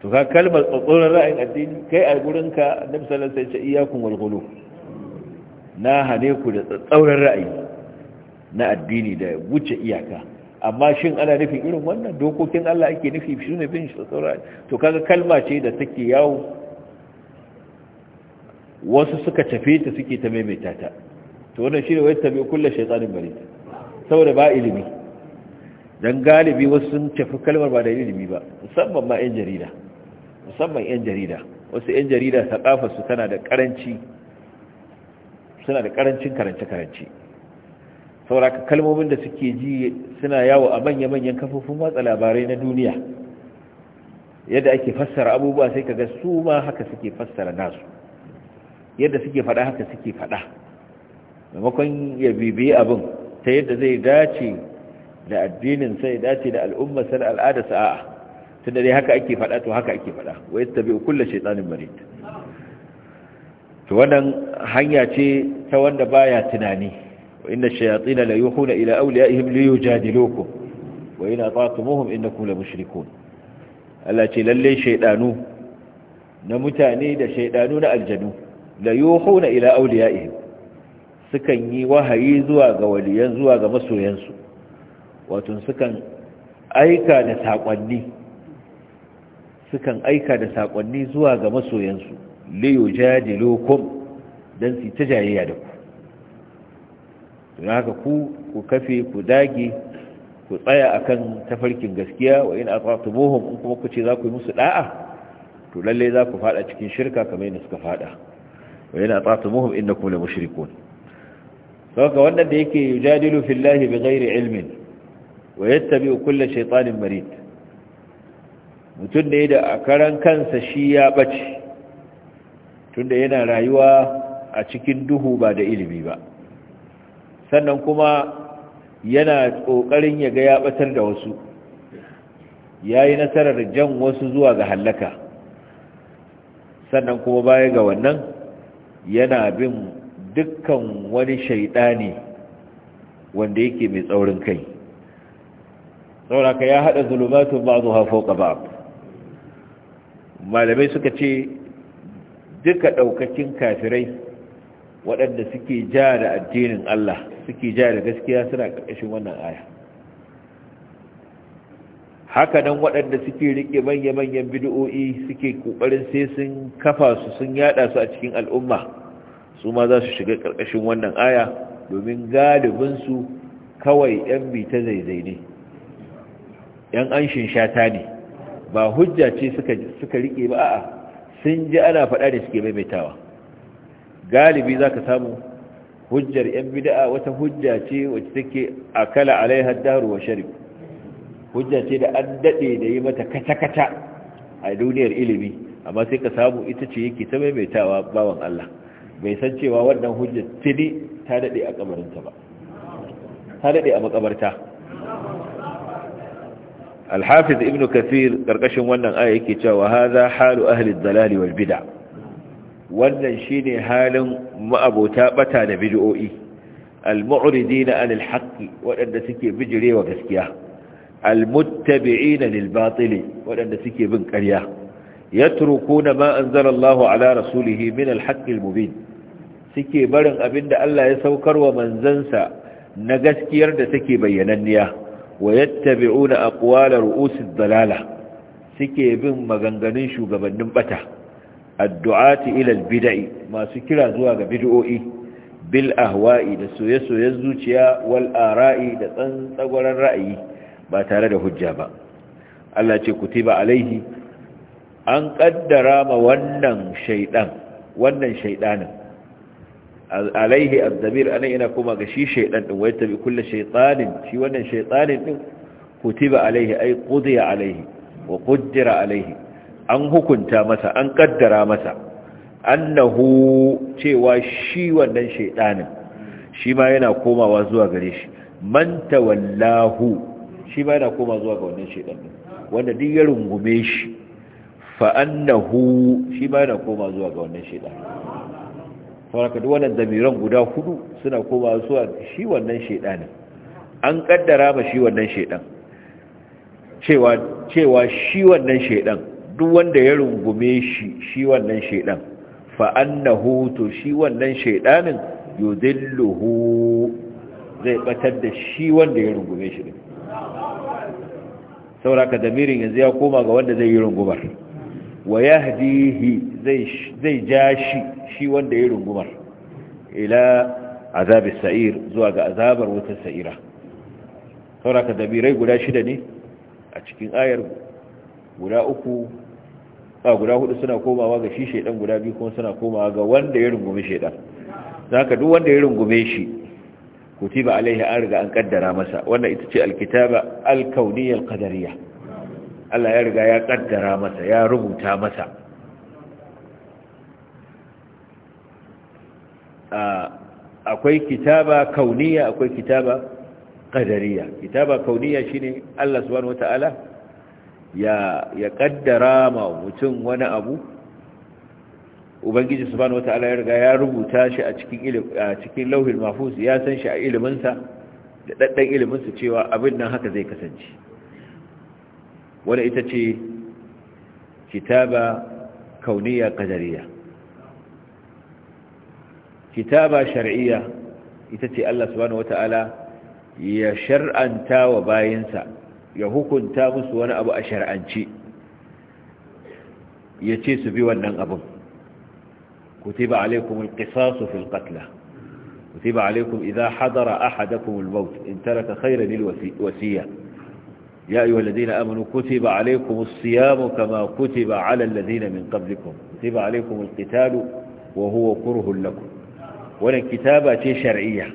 A: to ka kalmar tsatsauran ra'ayin addini kai a gurin ka annabi sallallahu ya ce iyyakum wal ghulu na hane ku da tsatsauran ra'ayi na addini da wuce iyaka amma shin ana nufin irin wannan dokokin Allah ake nufi shi ne bin shi to kaga kalma ce da take yawo wasu suka tafe ta suke ta maimaita ta to wannan shi ne wai tabe kullu shaytanin bari saboda ba ilimi dan galibi wasu sun tafi kalmar ba da ilimi ba musamman ma yan jarida musamman yan jarida wasu yan jarida sakafa su tana da karanci suna da karancin karance-karance sauraka kalmomin da suke ji suna yawo a manya-manyan kafofin watsa labarai na duniya yadda ake fassara abubuwa sai kaga su ma haka suke fassara nasu yadda suke fada haka suke fada maimakon ya bibiyi abin ta yadda zai dace da addinin sai dace da al'ummar da al'ada sa'a tunda dai haka ake fada to haka ake fada wa yattabi'u kullu shaytanin marid to wannan hanya ce ta wanda baya tunani وإن الشياطين ليوحون إلى أوليائهم ليجادلوكم وإن أطعتموهم إنكم لمشركون التي للي شيطانو نمتاني دا شيطانو نألجنو ليوحون إلى أوليائهم سكن يوهي زواغ وليان زواغ مسو ينسو وتن سكن أيكا نساقني sukan aika da saƙonni zuwa ga masoyansu liyu jadilukum don su ta jayayya da ku don haka ku ku kafe ku dage ku tsaya akan tafarkin gaskiya wa in atatubuhum in kuma ku ce za ku yi musu da'a to lalle za ku fada cikin shirka kamar yadda suka fada wa in atatubuhum innakum la mushrikun saboda wannan da yake yujadilu fillahi bighairi ilmin wa yattabi'u kulle shaitanin marid Mutum ne da a karan kansa shi ya bace tunda yana rayuwa a cikin duhu ba da ilimi ba sannan kuma yana ƙoƙarin ya ga ya batar da wasu ya yi nasarar jan wasu zuwa ga hallaka sannan kuma baya ga wannan yana bin dukkan wani ne wanda yake mai tsaurin kai ka ya haɗa zulumatun ba zuwa fauka ba malamai suka ce duka ɗaukakin kafirai waɗanda suke ja da addinin Allah suke ja da gaskiya suna ƙarƙashin wannan aya haka nan waɗanda suke riƙe manya-manyan bid'u'o'i suke ƙoƙarin sai sun kafa su sun yada su a cikin al'umma su ma za su shiga ƙarƙashin wannan aya domin galibinsu kawai 'yan bita zaizai ne 'yan an shata ne ba hujja ce suka riƙe ba a'a sun ji ana faɗa da suke maimaitawa galibi za ka samu hujjar yan bida'a wata hujja ce wacce take akala alaiha daru wa sharib hujja ce da an dade da yi mata kata-kata a duniyar ilimi amma sai ka samu ita ce yake ta maimaitawa bawan Allah bai san cewa wannan hujjar ne ta dade a kamarinta ba ta dade a makabarta alhafiz ibnu kafir ƙarƙashin wannan aya yake cewa hadha halu ahli dalali wal bida wannan shine halin ma'abota bata da bid'o'i al-mu'ridina 'anil haqqi waɗanda suke bijirewa gaskiya al-muttabi'ina lil batil waɗanda suke bin ƙarya yatrukuna ma anzala Allahu ala rasulihi min al-haqqi mubin suke barin abinda Allah ya saukarwa manzansa na gaskiyar da take bayyananniya wa a aqwala ru'usid dalala suke bin maganganun shugabannin bata addu'ati ilal bida'i masu kira zuwa ga bid'o'i bil ahwa'i da soye-soyen zuciya wal ara'i da tsantsagwaran ra'ayi ba tare da hujja ba Allah ce kutiba alaihi an kaddara ma wannan shaidan wannan shaidanin alaihi azzamir ana ina kuma ga shi shaidan din wai bi kullu shaytanin shi wannan shaytanin din kutiba alaihi ay qudiya alaihi wa qaddara alaihi an hukunta masa an kaddara masa annahu cewa shi wannan shaidanin shi ma yana komawa zuwa gare shi man tawallahu shi ma yana komawa zuwa ga wannan shaidanin wanda duk ya rungume shi fa annahu shi ma yana komawa zuwa ga wannan shaidanin sauraka duk wannan zamiran guda hudu suna komawa zuwa shi wannan shaidanin an kaddara ma shi wannan shaidan cewa cewa shi wannan shaidan duk wanda ya rungume shi shi wannan shaidan fa annahu to shi wannan shaidanin yudilluhu zai batar da shi wanda ya rungume shi din sauraka damirin yanzu ya koma ga wanda zai yi rungumar wa yahdihi zai ja shi shi wanda ya rungumar ila azabi sa'ir zuwa ga azabar wutar sa'ira sauraka damirai guda shida ne a cikin ayar guda uku a guda hudu suna komawa ga shi shaidan guda biyu kuma suna komawa ga wanda ya rungume shaidan ka duk wanda ya rungume shi kutiba alaihi an riga an kaddara masa wannan ita ce alkitaba alkauniyar kadariya. Allah ya riga ya kaddara masa ya rubuta masa akwai kitaba kauniya akwai kitaba kadariya. kitaba kauniya shine Allah subhanahu wataala ya ƙaddara kaddara ma mutum wani abu ubangiji subhanahu wataala ya riga ya rubuta shi a cikin ilim a cikin lauhil mahfuz ya san shi a ilimin sa da daddan ilimin sa cewa abin nan haka zai kasance wala ita ce kitaba kauniya qadariya kitaba shar'iyya ita ce Allah subhanahu wataala ya shar'anta wa bayinsa ya hukunta musu wani abu a shar'anci ya ce su bi wannan abin kutiba alaikum alqisasu fil qatl kutiba alaikum idha hadara ahadakum almaut in taraka khayran alwasiya ya ayyuha alladhina amanu kutiba alaikum alsiyam kama kutiba ala alladhina min qablikum kutiba alaikum alqital wa huwa kurhun lakum wannan kitaba ce shar'iyya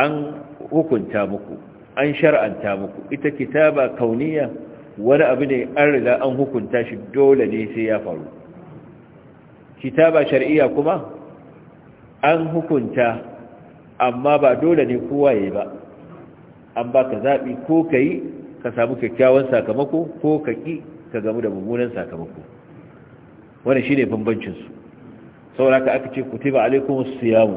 A: an hukunta muku an shar'anta muku ita kitaba kauniya wani abu ne an riga an hukunta shi dole ne sai ya faru kitaba shar'iyya kuma an hukunta amma ba dole ne kowa yayi ba an baka zabi ko kai ka samu kyakkyawan sakamako ko ka ki ka gamu da mummunan sakamako wannan shine bambancin su saboda aka ce kutiba alaikumus siyam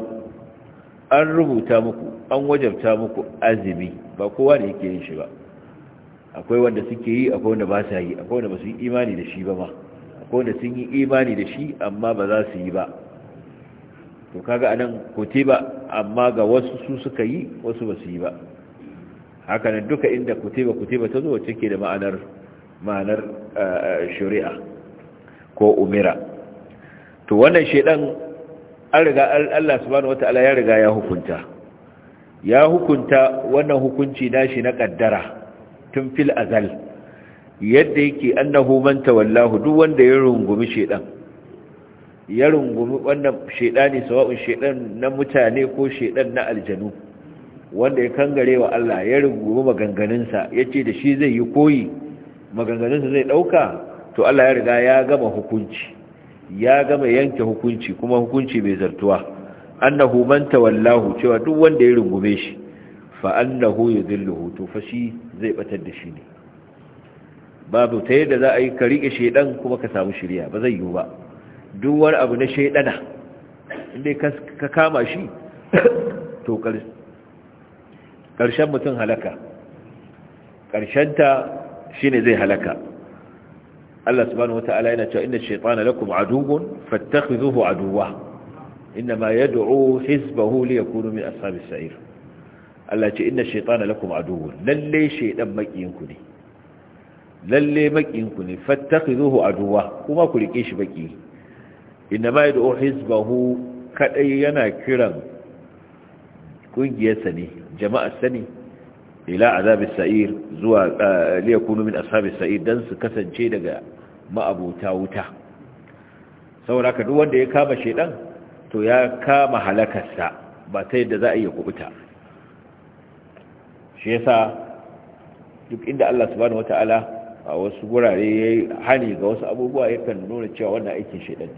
A: an rubuta muku an wajabta muku azumi ba kowa da yake yin shi ba akwai wanda suke yi akwai wanda ba sa yi akwai wanda ba su yi imani da shi ba ma akwai wanda sun yi imani da shi amma ba za su yi ba to kaga anan ba amma ga wasu su suka yi wasu ba su yi ba haka nan duka inda kutiba ba ta zo wacce ke da ma'anar ma'anar eh, shari'a ko umira to wannan shedan an riga Allah subhanahu wataala ya riga ya hukunta ya hukunta wannan hukunci nashi na kaddara tun fil azal yadda yake annahu man tawallahu duk wanda ya rungumi shedan ya rungumi wannan shedani sawa'un shedan na mutane ko shedan na aljanu wanda ya kangare wa Allah ya rungumi maganganunsa yace da shi zai yi koyi maganganunsa zai dauka to Allah ya riga ya gama hukunci ya gama yanke hukunci kuma hukunci bai zartuwa annahu man tawallahu cewa duk wanda ya rungume shi fa annahu yudhilluhu to fa shi zai batar da shi ne babu ta yadda za a yi ka rike shedan kuma ka samu shiriya ba zai yiwu ba duk wani abu na shedana inda ka kama shi to karshen mutum halaka ta shine zai halaka Allah subhanahu wataala yana cewa inna shaytana lakum aduwwun fattakhidhuhu aduwwa إنما يدعو حزبه ليكونوا من أصحاب السعير Allah ce inna shaytana lakum aduwwun lalle shaydan makiyinku ne lalle makiyinku ne fattakhizuhu aduwwa kuma ku rike shi baki inna ma yad'u hizbahu kadai yana kiran ƙungiyarsa ne jama'ar sani ila azabis sa'ir zuwa li yakunu min ashabis sa'ir dan su kasance daga ma'abota wuta saboda ka duk wanda ya kama shaydan to ya kama halakarsa ba ta yadda za a iya kubuta shi yasa duk inda Allah subhanahu wata'ala a wasu gurare ya yi hani ga wasu abubuwa ya kan nuna cewa wannan aikin shaidan ne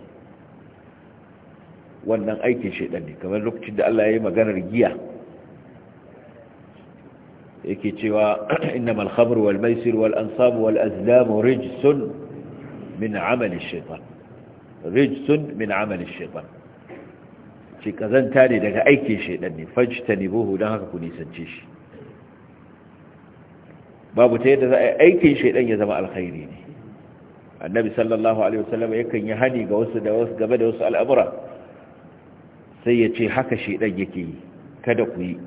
A: wannan aikin shaidan ne kamar lokacin da Allah ya yi maganar giya yake cewa innamal khamru wal maisir wal ansab wal azlam rijsun min amali shaitan rijsun min amali shaitan ce kazanta ne daga aikin shaidan ne fajta ne buhu don haka ku nisance shi babu ta yadda za a aikin shaidan ya zama alkhairi ne annabi sallallahu alaihi wasallam yakan yi hani ga wasu da wasu game da wasu al'amura sai ya ce haka shaidan yake yi kada ku yi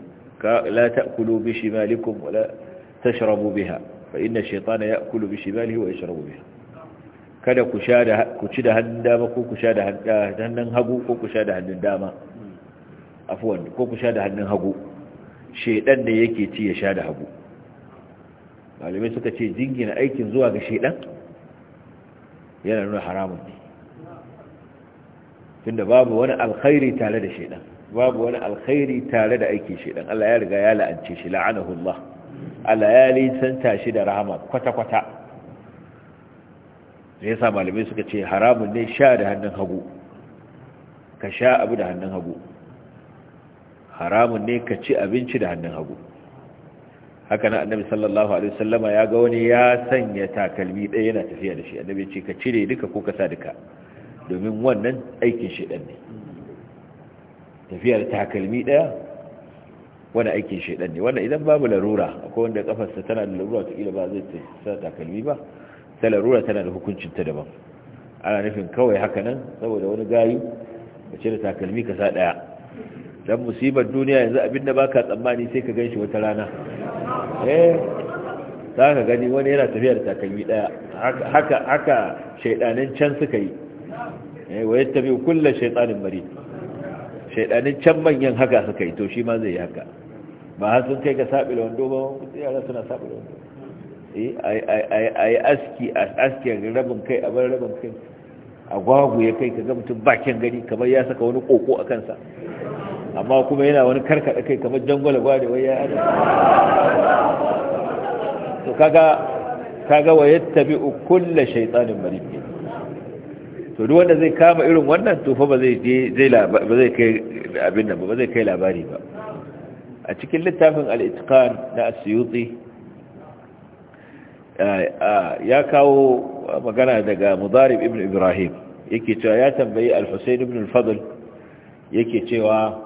A: la ta'kulu bi shimalikum wa la tashrabu biha fa inna ash-shaytana ya'kulu bi shimalihi wa yashrabu biha kada ku sha da ku ci da hannun dama ko ku sha da hannun hagu ko ku sha da hannun dama afwan ko ku sha da hannun hagu shedan da yake ci ya sha da hagu malamai suka ce jingina aikin zuwa ga shedan yana nuna haramun ne tunda babu wani alkhairi tare da shedan babu wani alkhairi tare da aikin shedan Allah ya riga ya la'ance shi la'anahu Allah Allah ya lisanta shi da rahama kwata-kwata da yasa malamai suka ce haramun ne sha da hannun hagu ka sha abu da hannun hagu haramun ne ka ci abinci da hannun hagu haka na annabi sallallahu alaihi wasallama ya ga wani ya sanya takalmi ɗaya yana tafiya da shi annabi ce ka cire duka ko ka sa duka domin wannan aikin shedan ne tafiya da takalmi ɗaya wani aikin shedan ne wannan idan babu larura akwai wanda kafarsa tana da larura ta kila ba zai sa takalmi ba ta larura tana da hukuncinta daban ana nufin kawai haka nan saboda wani gayu wace da takalmi ka sa ɗaya don musibar duniya yanzu abin da baka tsammani sai ka ganshi wata rana eh za ka gani wani yana tafiya da takalmi ɗaya haka haka shaidanin can suka yi eh wa yattabi kullu shaytanin marid shaidanin can manyan haka suka yi to shi ma zai yi haka ba har sun kai ga saɓi da wando ba yara suna saɓi da wando Eh, a yi aski a askiyar rabin kai a bar rabin kai a ya kai ka ga mutum bakin gani kamar ya saka wani koko a kansa amma kuma yana wani karkada kai kamar jangwala gwada wai ya yi to kaga kaga wa bi kullu shaytanin marid to duk wanda zai kama irin wannan to fa ba zai zai ba zai kai abin nan ba zai kai labari ba a cikin littafin al-itqan na as-suyuti ya kawo magana daga mudarib ibn ibrahim yake cewa ya tambayi al-husayn ibn al-fadl yake cewa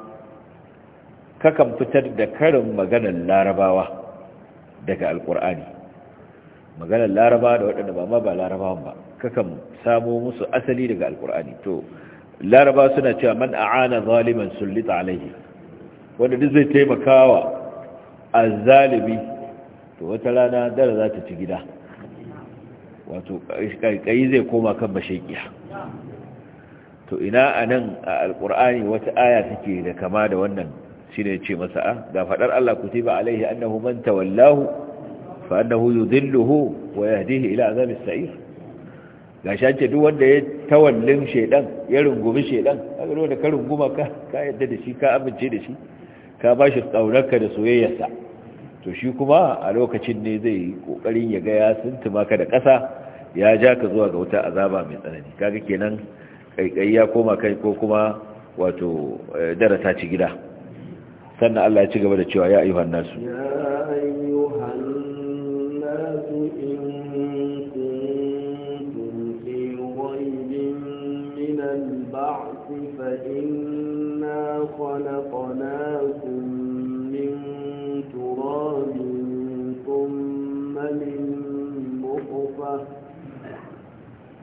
A: kakan fitar da karin maganar larabawa daga al al-qur'ani maganar laraba da waɗanda ba ma ba larabawan ba kakan samo musu asali daga al alkur'ani to laraba suna cewa man a'ana zaliman sullita alaihi wanda duk zai taimakawa az-zalimi to wata rana dara za ta ci gida wato ƙaiƙayi zai koma kan mashaƙiya to ina a nan a alƙur'ani wata aya take da kama da wannan shi ne ce masa a ah, ga faɗar Allah ku tiba alaihi annahu man tawallahu fa annahu yudhilluhu wa yahdihi ila azab as-sa'ir ga shi ce duk wanda ya tawallin shedan ya rungumi shedan kaga duk wanda ka runguma ka ka yadda da shi ka amince da shi ka bashi tsaurarka da soyayyarsa to shi kuma a lokacin ne zai yi kokarin ya gaya ya suntuma ka da ƙasa ya ja ka zuwa ga wuta azaba mai tsanani kaga kenan kaikai ya koma kai ko kuma wato eh, darasa ci gida sannan Allah ya ci gaba da cewa ya ayyuhan nasu
B: ya ayyuhan nasu in kuntum fi min al-ba'th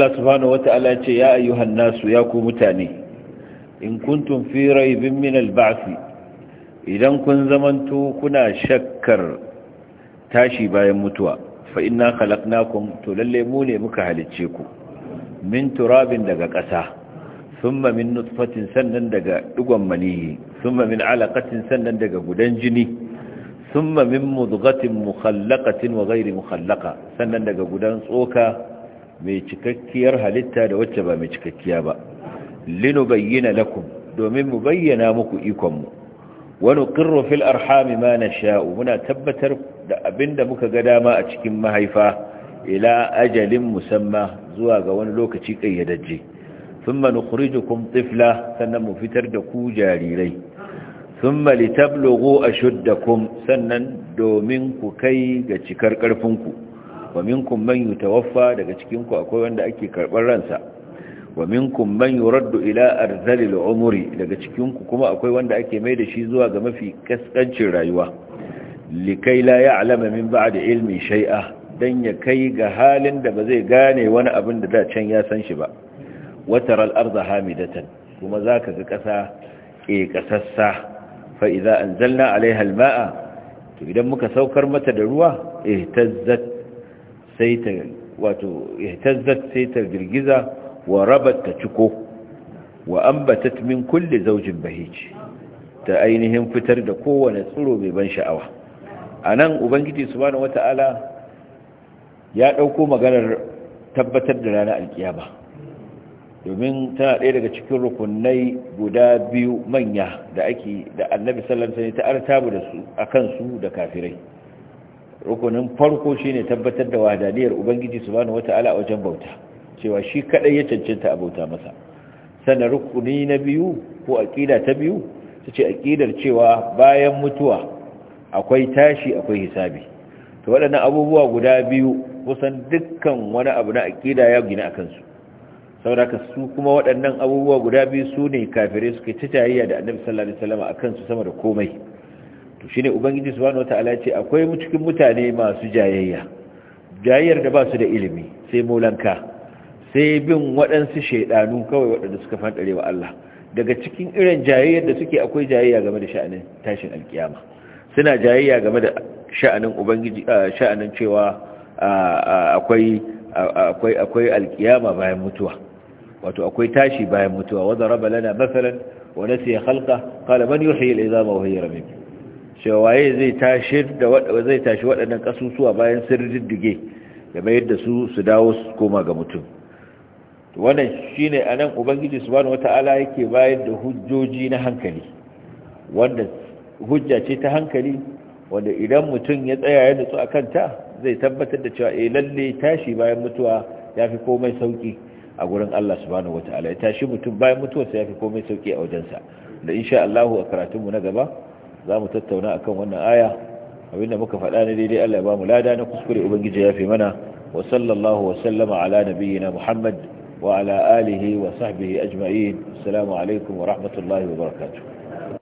A: Allah subhanahu wata'ala ce ya ayyuhan nasu ya ku mutane in kuntum fi raibin min al idan kun zamanto kuna shakkar tashi bayan mutuwa fa inna khalaqnakum to lalle mu ne muka halicce ku min turabin daga ƙasa thumma min nutfatin sannan daga digon maniyi thumma min alaqatin sannan daga gudan jini thumma min mudghatin mukhallaqatin wa ghairi mukhallaqa sannan daga gudan tsoka mai cikakkiyar halitta da wacce ba mai cikakkiya ba linu bayyana lakum domin mu bayyana muku ikonmu wani ƙirro fil arhami ma na sha'u muna tabbatar da abin da muka ga dama a cikin mahaifa ila ajalin musamma zuwa ga wani lokaci ƙayyadajje sun manu kurijukum tsifla, sannan mu fitar da ku jarirai sun malitablogo a shuddakum sannan domin ku kai ga cikar ƙarfinku wa minkum man yutawaffa daga cikin ku akwai wanda ake karɓar ransa wa minkum man yuraddu ila arzalil umri daga cikin ku kuma akwai wanda ake mai da shi zuwa ga mafi kaskancin rayuwa likai la ya'lama min ba'd ilmi shay'a dan ya kai ga halin da ba zai gane wani abin da da can ya san shi ba wataral arda hamidatan kuma zaka ga kasa e kasassa fa idza anzalna alaiha Halma'a? to idan muka saukar mata da ruwa ihtazzat sai ta wato ihtazzat sai ta girgiza wa rabat ta ciko wa ambatat min kulli zawjin bahij ta ainihin fitar da kowane tsiro mai ban sha'awa anan ubangiji subhanahu wataala ya dauko maganar tabbatar da ranar alkiyama domin tana ɗaya daga cikin rukunai guda biyu manya da ake da annabi sallallahu alaihi wasallam ta artabu da su akan su da kafirai rukunin farko shine tabbatar da wadaniyar ubangiji wata ala wajen bauta cewa shi kadai ya cancanta a bauta masa sannan rukuni na biyu ko aqida ta biyu tace aqidar cewa bayan mutuwa akwai tashi akwai hisabi to waɗannan abubuwa guda biyu kusan dukkan wani abu na aqida ya gina akan su saboda su kuma waɗannan abubuwa guda biyu su ne kafirai suke ta tayayya da annabi sallallahu alaihi wasallam akan su sama da komai to shine ubangiji subhanahu wataala ce akwai cikin mutane masu jayayya jayayyar da ba su da ilimi sai molanka sai bin waɗansu shaidanu kawai waɗanda suka fantare wa Allah daga cikin irin jayayyar da suke akwai jayayya game da sha'anin tashin alkiyama suna jayayya game da sha'anin ubangiji sha'anin cewa akwai akwai akwai alkiyama bayan mutuwa wato akwai tashi bayan mutuwa wa daraba lana mathalan wa nasiya khalqa qala man yuhyi al-izama wa hiya ramim Shawaye zai tashi waɗannan kasusuwa bayan sun diddige da mayar da su su dawo su koma ga mutum wannan shine anan ubangiji su wata wataala yake bayar da hujjoji na hankali wanda hujja ce ta hankali wanda idan mutum ya tsaya ya su a kanta zai tabbatar da cewa eh lalle tashi bayan mutuwa ya fi komai sauki a gurin Allah subhanahu ala ya tashi mutum bayan mutuwarsa fi komai sauki a wajensa da insha Allah a karatunmu na gaba za mu tattauna akan wannan aya abinda muka faɗa ne daidai Allah ya ba mu lada na kuskure ubangiji ya fi mana wa sallallahu wa sallama ala nabiyyina Muhammad wa ala alihi wa sahbihi ajma'in assalamu alaikum wa rahmatullahi wa barakatuh